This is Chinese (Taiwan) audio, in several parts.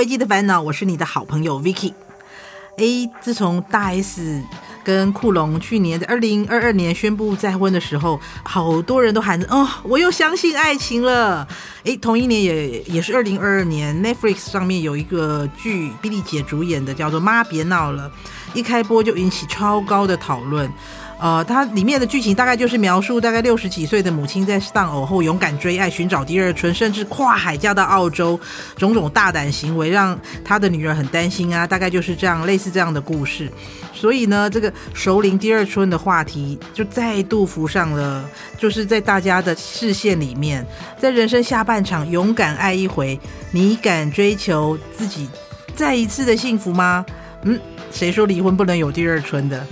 飛機的煩惱，我是你的好朋友 Vicky。誒，自從大 S 跟酷龍去年在二零二二年宣布再婚的時候，好多人都喊着“哦，我又相信愛情了”。誒，同一年也也是二零二二年，Netflix 上面有一個劇，比利姐主演的，叫做《媽別鬧了》，一開播就引起超高的討論。呃，它裡面的劇情大概就是描述，大概六十幾歲的母親在喪偶後勇敢追愛，尋找第二春，甚至跨海嫁到澳洲，種種大膽行為讓她的女兒很擔心啊。大概就是這樣，類似這樣的故事。所以呢，這個熟齡第二春的話題就再度浮上了，就是在大家的視線裡面，在人生下半場勇敢愛一回，你敢追求自己再一次的幸福嗎？嗯，誰說離婚不能有第二春的？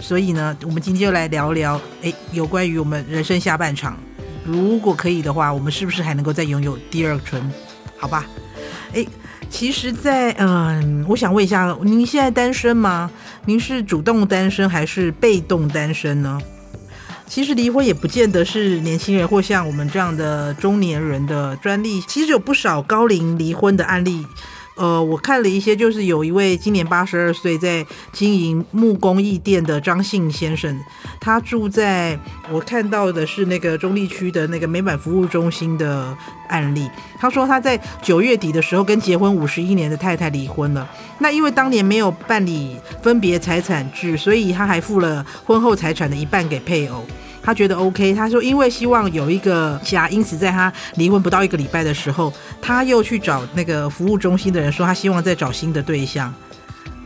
所以呢，我們今天就來聊聊，哎，有關於我們人生下半場，如果可以的話，我們是不是還能夠再擁有第二春？好吧，哎，其實在，在嗯，我想問一下，您現在單身嗎？您是主動單身還是被動單身呢？其實離婚也不見得是年輕人或像我們這樣的中年人的專利，其實有不少高齡離婚的案例。呃，我看了一些，就是有一位今年八十二歲在經營木工藝店的張姓先生，他住在我看到的是那個中立區的那個美滿服務中心的案例。他說他在九月底的時候跟結婚五十一年的太太離婚了，那因為當年沒有辦理分別財產制，所以他還付了婚後財產的一半給配偶。他覺得 OK，他說因為希望有一個家，因此在他離婚不到一個禮拜的時候，他又去找那個服務中心的人說，他希望再找新的對象。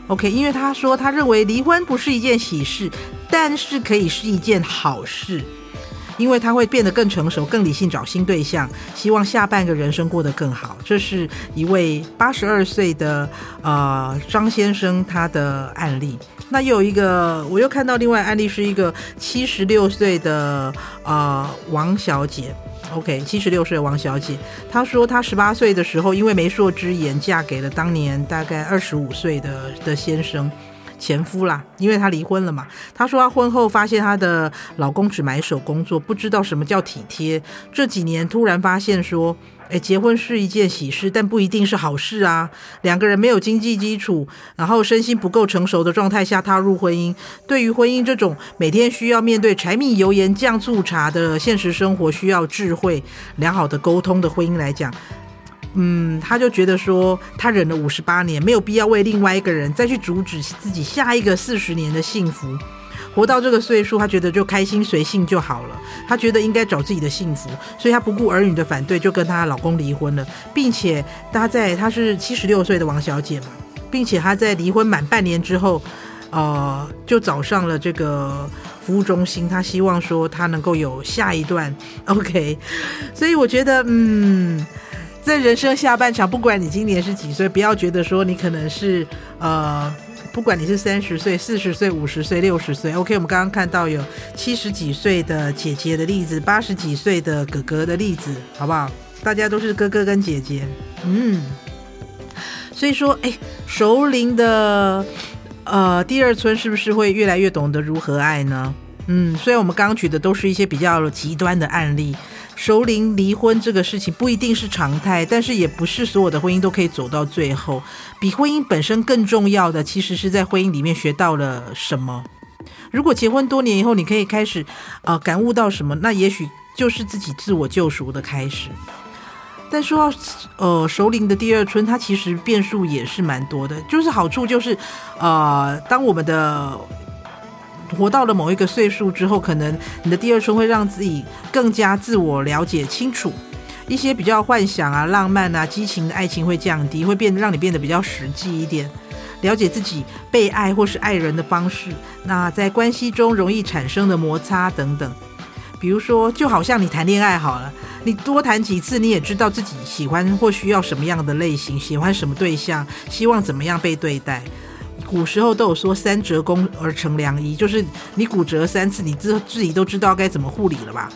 OK，因為他說他認為離婚不是一件喜事，但是可以是一件好事，因為他會變得更成熟、更理性，找新對象，希望下半個人生過得更好。這是一位八十二歲的呃張先生他的案例。那又有一個，我又看到另外案例是一個七十六歲的啊、呃、王小姐，OK，七十六歲王小姐，她說她十八歲的時候因為媒妁之言嫁給了當年大概二十五歲的的先生，前夫啦，因為她離婚了嘛。她說她婚後發現她的老公只埋首工作，不知道什麼叫體貼。這幾年突然發現說。哎，結婚是一件喜事，但不一定是好事啊。兩個人沒有經濟基礎，然後身心不夠成熟的狀態下踏入婚姻，對於婚姻這種每天需要面對柴米油鹽醬醋茶的現實生活，需要智慧、良好的溝通的婚姻來講，嗯，他就覺得說，他忍了五十八年，沒有必要為另外一個人再去阻止自己下一個四十年的幸福。活到這個歲數，她覺得就開心隨性就好了。她覺得應該找自己的幸福，所以她不顧兒女的反對，就跟她老公離婚了，並且她在她是76歲的王小姐嘛，並且她在離婚滿半年之後，呃，就找上了這個服務中心，她希望說她能夠有下一段。OK。所以我覺得，嗯，在人生下半場，不管你今年是幾歲，不要覺得說你可能是呃。不管你是三十歲、四十歲、五十歲、六十歲，OK，我們剛剛看到有七十幾歲的姐姐的例子，八十幾歲的哥哥的例子，好不好？大家都是哥哥跟姐姐，嗯。所以說，哎、欸，熟齡的，呃，第二春是不是會越來越懂得如何愛呢？嗯，雖然我們剛剛舉的都是一些比較極端的案例。熟齡離婚這個事情不一定是常態，但是也不是所有的婚姻都可以走到最後。比婚姻本身更重要的，其實是在婚姻裡面學到了什麼。如果結婚多年以後，你可以開始、呃、感悟到什麼，那也許就是自己自我救贖的開始。但說到呃熟齡的第二春，它其實變數也是蠻多的，就是好處就是呃當我們的。活到了某一個歲數之後，可能你的第二春會讓自己更加自我了解清楚，一些比較幻想啊、浪漫啊、激情的愛情會降低，會變讓你變得比較實際一點，了解自己被愛或是愛人的方式，那在關係中容易產生的摩擦等等。比如說，就好像你談戀愛好了，你多談幾次，你也知道自己喜歡或需要什麼樣的類型，喜歡什麼對象，希望怎麼樣被對待。古時候都有說“三折肱而成良醫”，就是你骨折三次，你自自己都知道該怎麼護理了吧？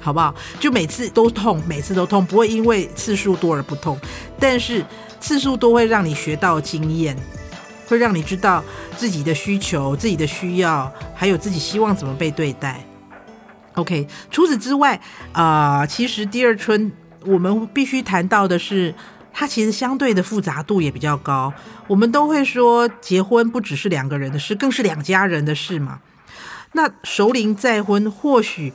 好不好？就每次都痛，每次都痛，不會因為次數多而不痛，但是次數多會讓你學到經驗，會讓你知道自己的需求、自己的需要，還有自己希望怎麼被對待。OK，除此之外，啊、呃，其實第二春我們必須談到的是。它其實相對的複雜度也比較高。我們都會說，結婚不只是兩個人的事，更是兩家人的事嘛。那熟齡再婚，或許，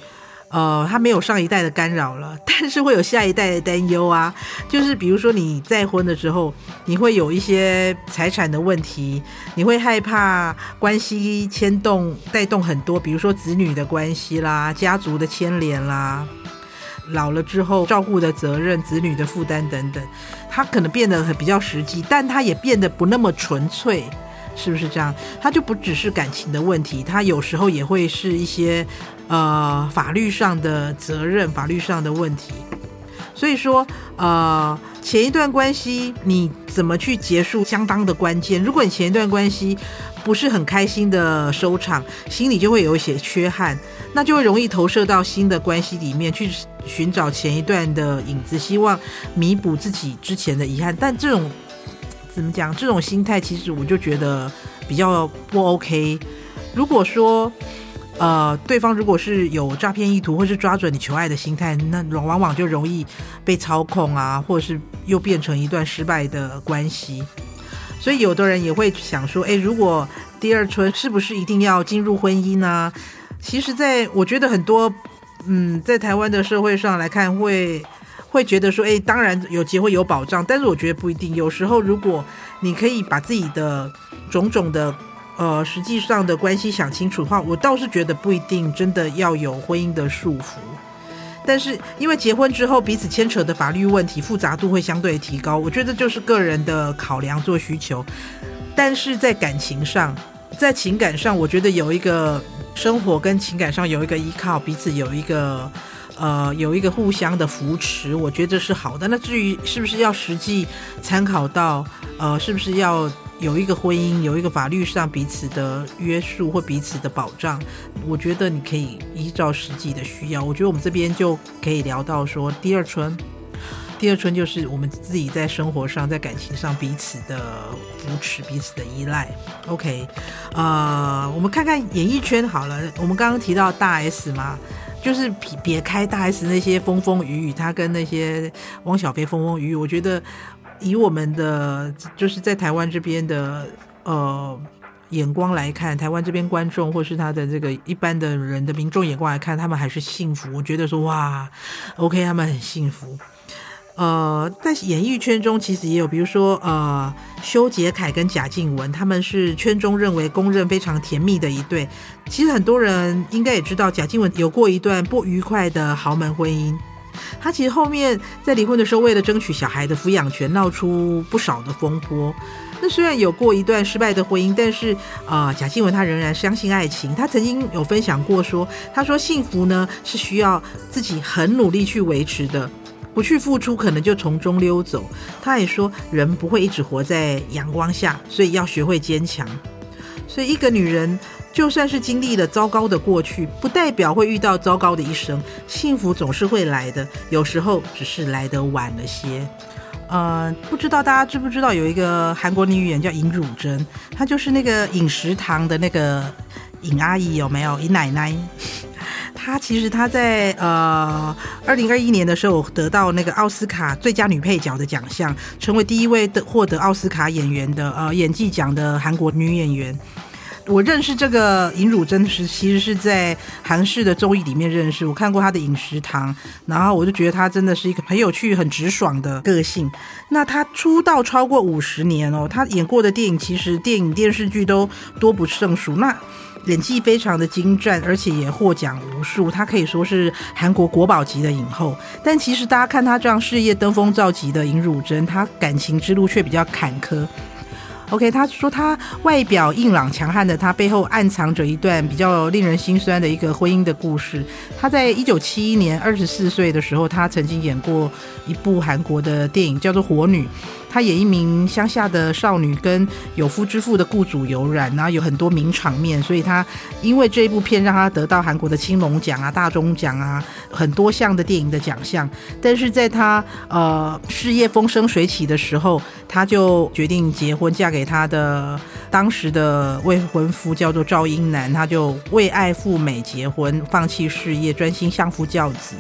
呃，他沒有上一代的干擾了，但是會有下一代的擔憂啊。就是比如說，你再婚的時候，你會有一些財產的問題，你會害怕關係牽動帶動很多，比如說子女的關係啦，家族的牽連啦。老了之後，照顧的責任、子女的負擔等等，他可能變得很比較實際，但他也變得不那麼純粹，是不是這樣？他就不只是感情的問題，他有時候也會是一些呃法律上的責任、法律上的問題。所以說，呃，前一段關係你怎麼去結束，相當的關鍵。如果你前一段關係不是很開心的收場，心裡就會有一些缺憾，那就會容易投射到新的關係裡面去尋找前一段的影子，希望彌補自己之前的遺憾。但這種怎麼講？這種心態其實我就覺得比較不 OK。如果說，呃，對方如果是有詐騙意圖，或是抓準你求愛的心態，那往往就容易被操控啊，或者是又變成一段失敗的關係。所以，有的人也會想說，誒，如果第二春是不是一定要進入婚姻呢？其實，在我覺得很多，嗯，在台灣的社會上來看，會會覺得說，誒，當然有機會有保障，但是我覺得不一定。有時候，如果你可以把自己的種種的。呃，實際上的關係想清楚的話，我倒是覺得不一定真的要有婚姻的束縛，但是因為結婚之後彼此牽扯的法律問題複雜度會相對提高，我覺得就是個人的考量做需求。但是在感情上，在情感上，我覺得有一個生活跟情感上有一個依靠，彼此有一個呃，有一個互相的扶持，我覺得是好的。那至於是不是要實際參考到，呃，是不是要？有一個婚姻，有一個法律上彼此的約束或彼此的保障，我覺得你可以依照實際的需要。我覺得我們這邊就可以聊到說，第二春，第二春就是我們自己在生活上、在感情上彼此的扶持、彼此的依賴。OK，呃，我們看看演藝圈好了。我們剛剛提到大 S 嘛，就是撇開大 S 那些風風雨雨，他跟那些汪小菲風風雨雨，我覺得。以我們的就是在台灣這邊的呃眼光來看，台灣這邊觀眾或是他的這個一般的人的民眾眼光來看，他們還是幸福。我覺得說，哇，OK，他們很幸福。呃，但是演藝圈中，其實也有比如說呃，修杰楷跟賈靜雯，他們是圈中認為公認非常甜蜜的一對。其實很多人應該也知道，賈靜雯有過一段不愉快的豪門婚姻。他其實後面在離婚的時候，為了爭取小孩的撫養權，鬧出不少的風波。那雖然有過一段失敗的婚姻，但是啊、呃，賈靜雯她仍然相信愛情。她曾經有分享過說，說她說幸福呢是需要自己很努力去維持的，不去付出可能就從中溜走。她也說人不會一直活在陽光下，所以要學會堅強。所以一個女人。就算是經歷了糟糕的過去，不代表會遇到糟糕的一生。幸福總是會來的，有時候只是來得晚了些。呃，不知道大家知不知道有一個韓國女演員叫尹汝貞，她就是那個尹食堂的那個尹阿姨，有沒有？尹奶奶。她其實她在呃二零二一年的時候得到那個奧斯卡最佳女配角的獎項，成為第一位得獲得奧斯卡演員的呃演技獎的韓國女演員。我認識這個尹汝貞時，其實是在韓式的綜藝裡面認識。我看過她的《尹食堂》，然後我就覺得她真的是一個很有趣、很直爽的個性。那她出道超過五十年哦，她演過的電影、其實電影、電視劇都多不勝數，那演技非常的精湛，而且也獲獎無數。她可以說是韓國國寶級的影後。但其實大家看她這樣事業登峰造極的尹汝貞，她感情之路卻比較坎坷。OK，他說他外表硬朗強悍的，他背後暗藏着一段比較令人心酸的一個婚姻的故事。他在一九七一年二十四歲的時候，他曾經演過一部韓國的電影，叫做《火女》。她演一名鄉下的少女，跟有夫之婦的僱主有染，然後有很多名場面。所以她因為這一部片，讓她得到韓國的青龍獎啊、大鐘獎啊，很多項的電影的獎項。但是在她呃事業風生水起的時候，她就決定結婚，嫁給她的當時的未婚夫，叫做趙英男。她就為愛赴美結婚，放棄事業，專心相夫教子。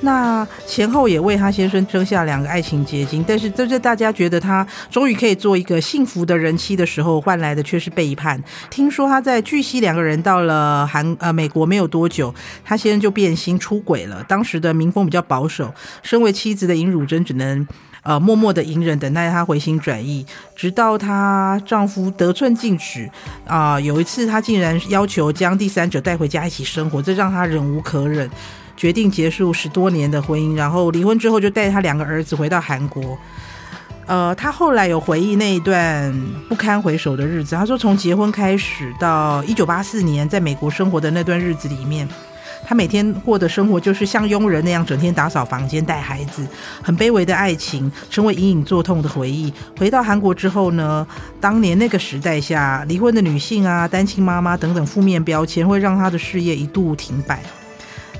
那前後也為他先生生下兩個愛情結晶，但是這在大家覺得他終於可以做一個幸福的人妻的時候，換來的卻是背叛。聽說他在據悉兩個人到了韓呃美國沒有多久，他先生就變心出軌了。當時的民風比較保守，身為妻子的尹汝貞只能。呃，默默的隱忍，等待她回心轉意，直到她丈夫得寸進尺。啊、呃，有一次她竟然要求將第三者帶回家一起生活，這讓她忍無可忍，決定結束十多年的婚姻。然後離婚之後，就帶她兩個兒子回到韓國。呃，她後來有回憶那一段不堪回首的日子，她說從結婚開始到一九八四年在美國生活的那段日子裡面。她每天過的生活就是像傭人那樣，整天打掃房間、帶孩子，很卑微的愛情成為隱隱作痛的回憶。回到韓國之後呢，當年那個時代下離婚的女性啊、單親媽媽等等負面標籤，會讓她的事業一度停擺。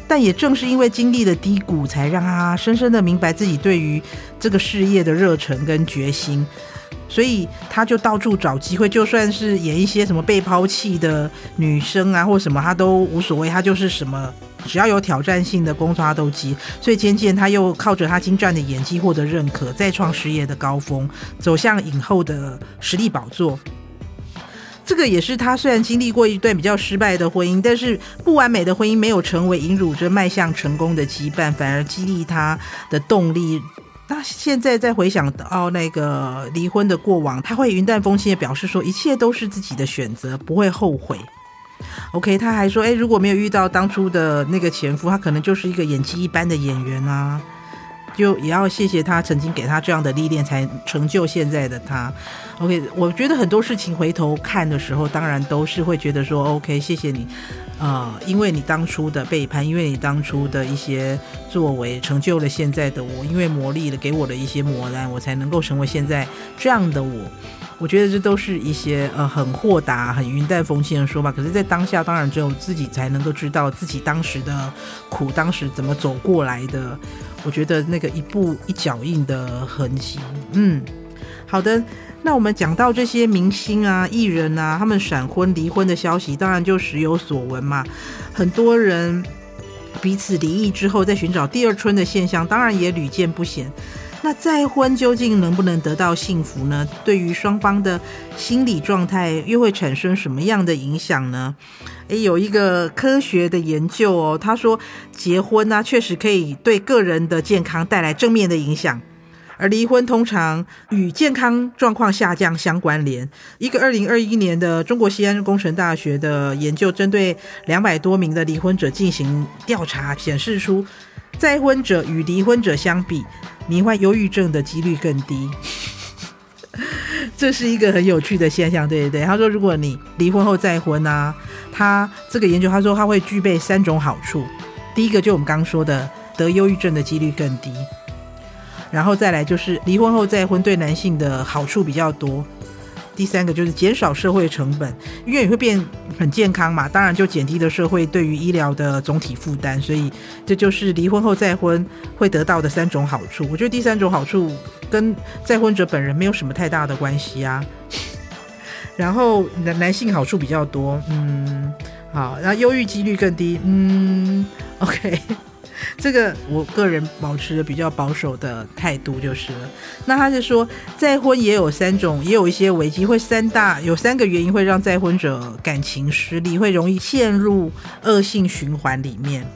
但也正是因為經歷了低谷，才讓她深深的明白自己對於這個事業的熱忱跟決心。所以他就到處找機會，就算是演一些什麼被拋棄的女生啊，或什麼，他都無所謂，他就是什麼只要有挑戰性的工作他都接。所以漸漸他又靠着他精湛的演技獲得認可，再創事業的高峰，走向影後的實力寶座。這個也是他雖然經歷過一段比較失敗的婚姻，但是不完美的婚姻沒有成為引辱着邁向成功的羈絆，反而激勵他的動力。他現在再回想到那個離婚的過往，他會雲淡風輕的表示說一切都是自己的選擇，不會後悔。OK，他還說，哎、欸，如果沒有遇到當初的那個前夫，他可能就是一個演技一般的演員啊，就也要謝謝他曾經給他這樣的歷練，才成就現在的他。OK，我覺得很多事情回頭看的時候，當然都是會覺得說 OK，謝謝你，呃，因為你當初的背叛，因為你當初的一些作為，成就了現在的我，因為磨礪了給我的一些磨難，我才能夠成為現在這樣的我。我覺得這都是一些呃很豁達、很雲淡風輕的說法。可是，在當下，當然只有自己才能夠知道自己當時的苦，當時怎麼走過來的。我覺得那個一步一腳印的痕跡，嗯，好的。那我們講到這些明星啊、藝人啊，他們閃婚離婚的消息，當然就時有所聞嘛。很多人彼此離異之後，在尋找第二春的現象，當然也屢見不鮮。那再婚究竟能不能得到幸福呢？對於雙方的心理狀態，又會產生什麼樣的影響呢？誒，有一個科學的研究哦，他說結婚呢、啊，確實可以對個人的健康帶來正面的影響。而離婚通常與健康狀況下降相關聯。一個二零二一年的中國西安工程大學的研究，針對兩百多名的離婚者進行調查，顯示出再婚者與離婚者相比，罹患憂鬱症的幾率更低。 這是一個很有趣的現象，對不對？他說，如果你離婚後再婚呢、啊，他這個研究他說他會具備三種好處。第一個就我們剛剛說的，得憂鬱症的幾率更低。然後再來就是離婚後再婚對男性的好處比較多，第三個就是減少社會成本，因為你會變很健康嘛，當然就減低了社會對於醫療的總體負擔，所以這就是離婚後再婚會得到的三種好處。我覺得第三種好處跟再婚者本人沒有什麼太大的關係啊。 然後男男性好處比較多，嗯，好，然後憂鬱幾率更低，嗯，OK。這個我個人保持的比較保守的態度就是了。那他就說，再婚也有三種，也有一些危機，會三大有三個原因會讓再婚者感情失利，會容易陷入惡性循環裡面。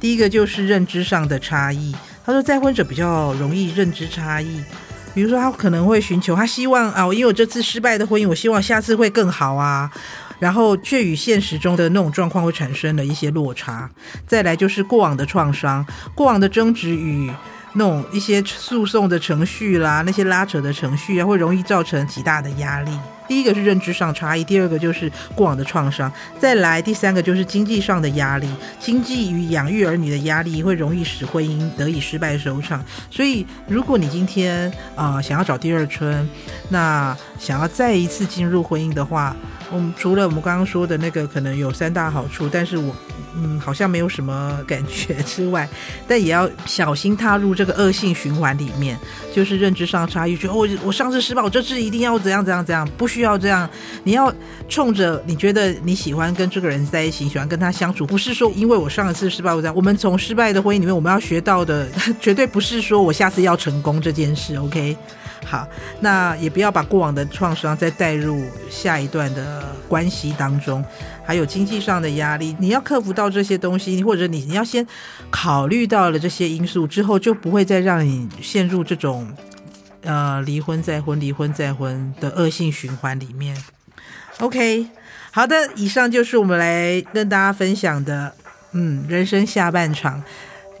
第一個就是認知上的差異。他說，再婚者比較容易認知差異，比如說他可能會尋求，他希望啊，我因為我這次失敗的婚姻，我希望下次會更好啊。然後卻與現實中的那種狀況會產生了一些落差。再來就是過往的創傷、過往的爭執與那種一些訴訟的程序啦，那些拉扯的程序啊，會容易造成極大的壓力。第一個是認知上差異，第二個就是過往的創傷，再來第三個就是經濟上的壓力，經濟與養育兒女的壓力會容易使婚姻得以失敗收場。所以，如果你今天啊、呃、想要找第二春，那想要再一次進入婚姻的話，我們除了我們剛剛說的那個可能有三大好處，但是我。嗯，好像沒有什麼感覺之外，但也要小心踏入這個惡性循環裡面。就是認知上差異，就哦，我我上次失敗，我這次一定要怎樣怎樣怎樣，不需要這樣。你要衝着你覺得你喜歡跟這個人在一起，喜歡跟他相處，不是說因為我上一次失敗，我這樣。我們從失敗的婚姻裡面，我們要學到的絕對不是說我下次要成功這件事。OK。好，那也不要把過往的創傷再帶入下一段的關係當中，還有經濟上的壓力，你要克服到這些東西，或者你你要先考慮到了這些因素之後，就不會再讓你陷入這種呃離婚再婚離婚再婚的惡性循環裡面。OK，好的，以上就是我們來跟大家分享的，嗯，人生下半場，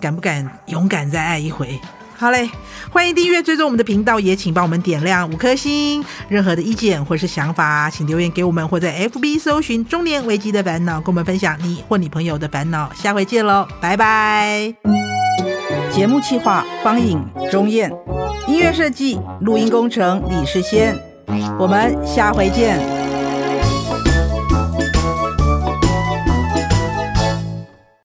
敢不敢勇敢再愛一回？好嘞，歡迎訂閱、追蹤我們的頻道，也請幫我們點亮五顆星。任何的意見或是想法，請留言給我們，或在 FB 搜尋“中年危機的煩惱”，跟我們分享你或你朋友的煩惱。下回見嘍，拜拜。節目企劃：方影、鍾燕；音樂設計、錄音工程：李世先。我們下回見。